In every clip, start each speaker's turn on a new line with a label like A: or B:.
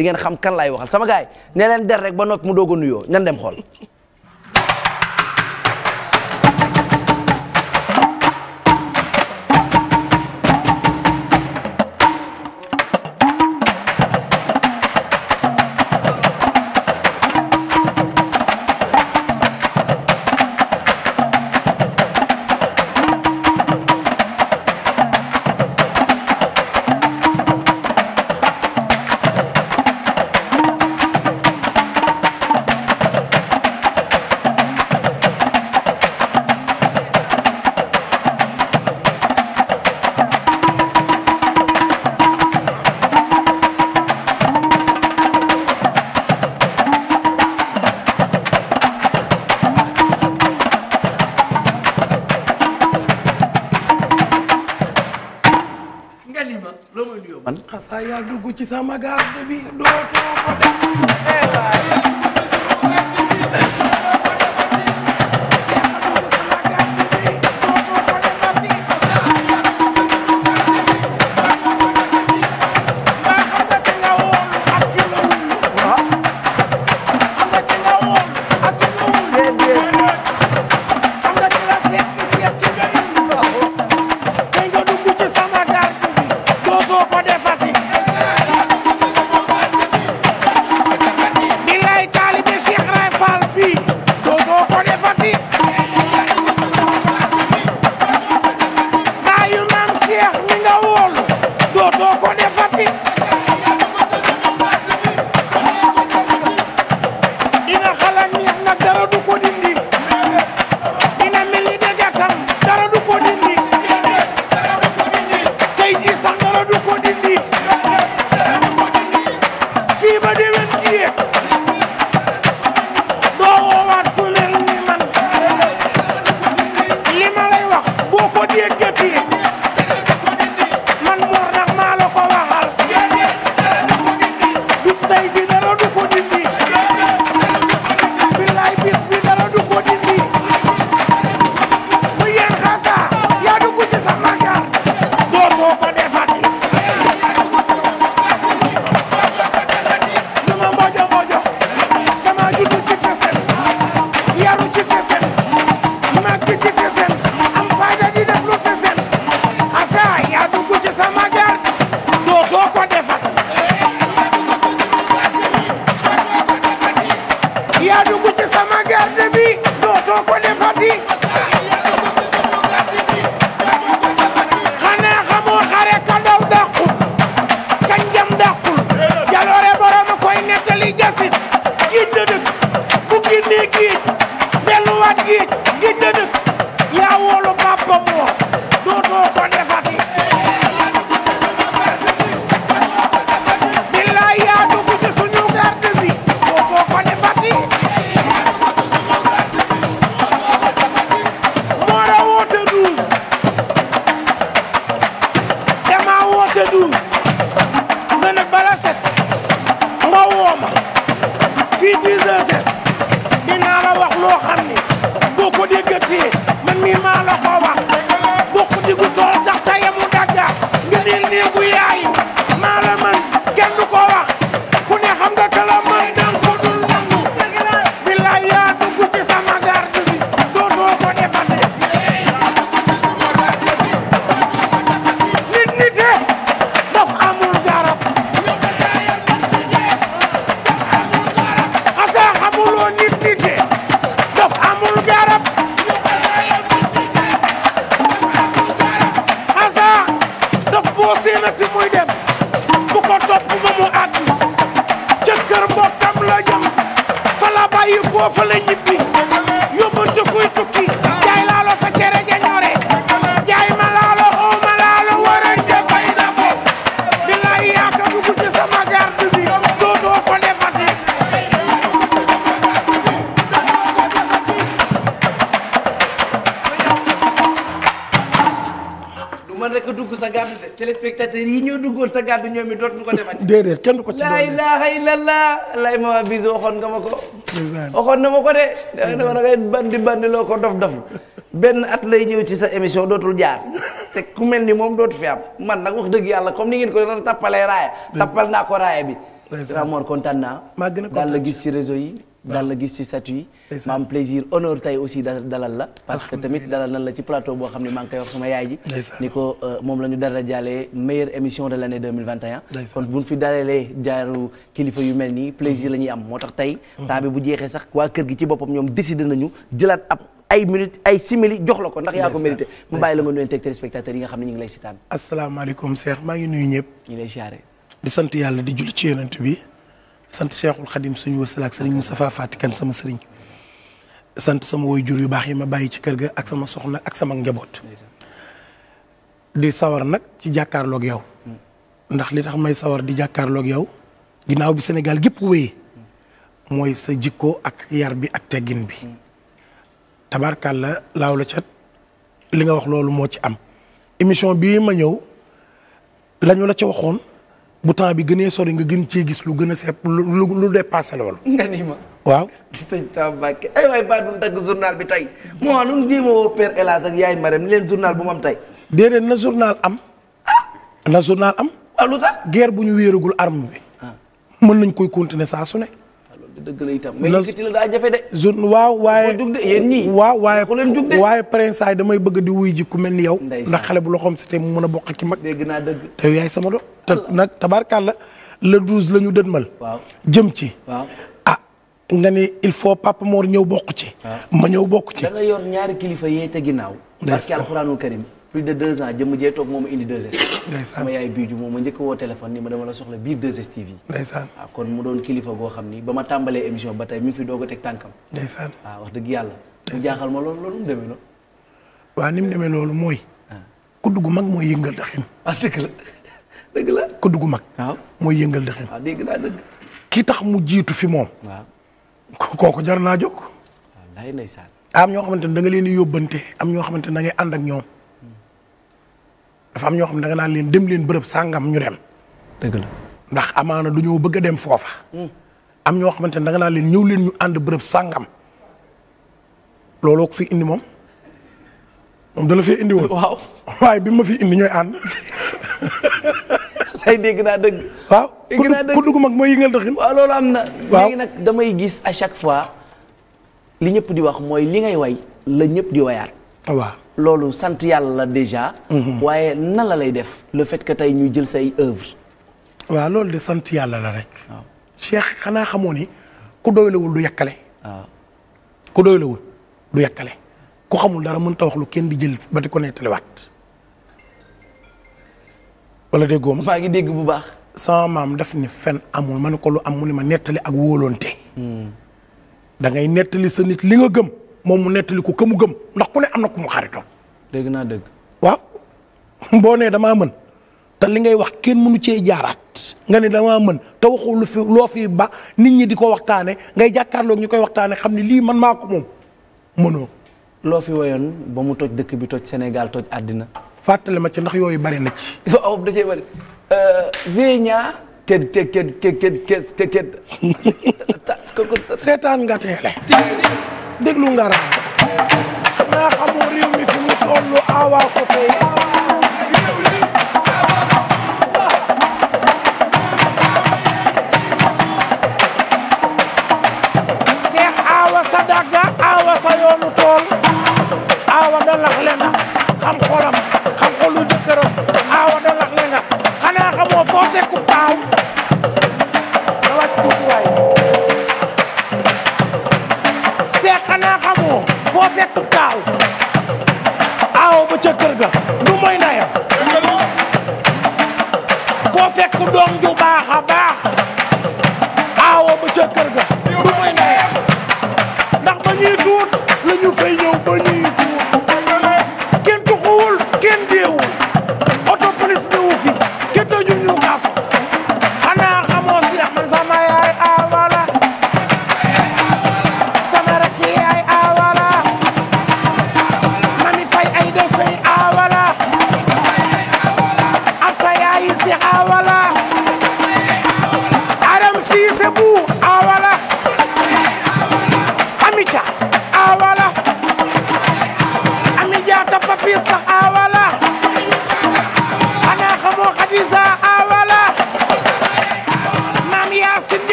A: di ngeen xam kan laay waxal sama gaay ne leen rek ba noppi mu doog a nuyoo ñan dem xool
B: yaa dugg ci sama garde bi doo
C: andi géej delluwaat géej géej na dëkk yaa woolu papa moo
A: téléspectateurs yi ñoo duggoon sa gàddu ñoom it dootuñu ko defati. déedéet
B: kenn ko ci doon la ilaha illallah
A: lay ma bis waxoon nga ma ko. waxoon na ma ko de. dama da ngay bandi bandi loo ko dof dof benn at lay ñëw ci sa émission dootul jaar te ku mel ni moom dootu fi am man nag wax dëgg yàlla comme ni ngeen ko doon tappalee raaya. tappal naa ko raaya bi. ndeysaan Mor maa gën a kontaan daal la gis ci réseau yi. daal la gis ci statut yi ma am plaisir honneur tey aussi dalal la parce que tamit dalal nan la ci plateau boo xam ne maa ngi koy wax sama yaay ji ni ko euh, moom la ñu dara jaalee meilleure émission de l' année 2021 kon buñ fi dalalee jaaru kilifa yu mel nii plaisir mm-hmm. la am moo tax tey mm-hmm. temps bu jeexee sax waa kër gi ci boppam ñoom décidé nañu jëlaat ab ay minute ay simili jox la ko ndax yaa ko mérité mu bàyyi la nga nuyoon teg téléspectateurs yi nga xam ne ñu
B: ngi lay nuyu ñëpp ñu lay siyaare di yàlla di ci yonent bi sant Cheikhul Khadim suñu wasila ak sëriñ Moustapha Fati kenn sama sëriñ sant sama jur yu baax yi ma bàyyi ci kër ga ak sama soxna ak sama njaboot di sawar nag ci jàkkaarloog yow ndax li tax may sawar di jàkkaarloog yow ginnaaw bi Sénégal gépp wéyee mooy sa jikko ak yar bi ak teggin bi tabarkàlla laaw la cat li nga wax loolu moo ci am émission bii ma ñëw lañu la ca waxoon bu temps bi gënee sori nga gën ci gis lu gën a sepp lu lu dépassé loolu. nga ni ma. waaw
A: gis nañ Tamba Mbacké ay waay baa duñ dagg journal bi tey moo xam ne jéem a woo Père El ak Yaay Marème ni leen journal bu mu am tey. déedéet na
B: journal am. ah na journal am. waaw lu tax guerre bu ñu wéeragul arme bi. Ah. mën nañ koy continuer saa su ne.
A: dëgg la itam mais yëkkati
B: daa jafe de. jour waaw waaye waaw waaye ku leen jug waaye prince ay damay bëgg di wuy ji ku mel ni yow ndax xale bu loxoom c'était mu mën a bokk ci mag dégg naa dëgg te yaay sama do te nag tabaarkàlla le douze la ñu mal waaw jëm ci waaw ah nga ni il faut papa moor ñëw bokku ci ma ñëw bokk ci da yor ñaari kilifa yee te ginnaaw barki alxuraanul karim plus de deux ans jëmm
A: jee toog moom indi 2S. sama yaay bii moom ma njëkk woo téléphone ni ma dama la soxla biir 2S TV. ndeysaan waaw kon mu doon kilifa goo xam ni ba ma tàmbalee émission ba tey mi ngi fi a wax dëgg yàlla.
B: mu ma loolu loolu mu demee waaw ni mu demee loolu mooy. Ah. ku dugg mag mooy yëngal daxin. ah dëgg la dëgg mag. Ah. mooy yëngal daxin. waaw ah, dégg ki tax mu jiitu fi moom. waaw kooku jar naa jóg. waaw ndeysaan. am ñoo xamante ne da nga leen di yóbbante am ñoo xamante ne da ngay ànd ak ñoom dafa am ñoo xam ne da naan leen dem leen bërëb sàngam ñu dem. dëgg ndax amaana du ñoo bëgg a dem foofa. Hmm. am ñoo xamante ne da nga leen ñëw leen ñu ànd bërëb sàngam looloo ko fi indi moom moom da la fee indi woon. waaye bi ma fi indi ñooy ànd. dégg naa dëgg. waaw ku dugg mag mooy
A: yëngal dëxin. waaw loolu am na. waaw nag damay gis à chaque fois li ñëpp di wax mooy li ngay way la ñëpp di wayaat. loolu sant yàlla la déjà. Mhm. waaye nala lay def le fait que tey ñu jël say œuvre
B: waaw loolu de sant yàlla la rek. waaw xanaa xamoo ni ku doylewul du yàkkale. waaw ku doylewul du yàkkale ku xamul dara mënta wax lu kenn di jël ba di ko nettaliwaat wala déggoo ma. maa ngi dégg bu baax. sama maam def ni fen amul ma ne ko lu am mu ne ma nettali ak wóoloonte hmm. da ngay nettali sa nit li nga gëm moom mu nettali ko ka mu gëm ndax ku ne am na ku mu xaritoon. dégg naa dëgg. waaw boo nee damaa mën te li ngay wax kenn mënu cee jaaraat nga ne damaa mën te waxu loo fi ba nit ñi di ko waxtaane ngay jàkkaarloog ñu koy waxtaane xam ne lii man maa ko moom mënoo. loo fi woyoon ba mu toj dëkk bi toj senegal toj àddina. fàttali ma ci
A: ndax yooyu bari na ci. waaw da cee bari. Vénia. ked ked
C: seetaan nga teele déglu nga raam xanaa xamoo réew lu awa ko tey ba ca kër ga du mooy ndayam foo fekk doom ju baax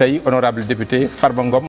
B: tey honorable député Farba Ngom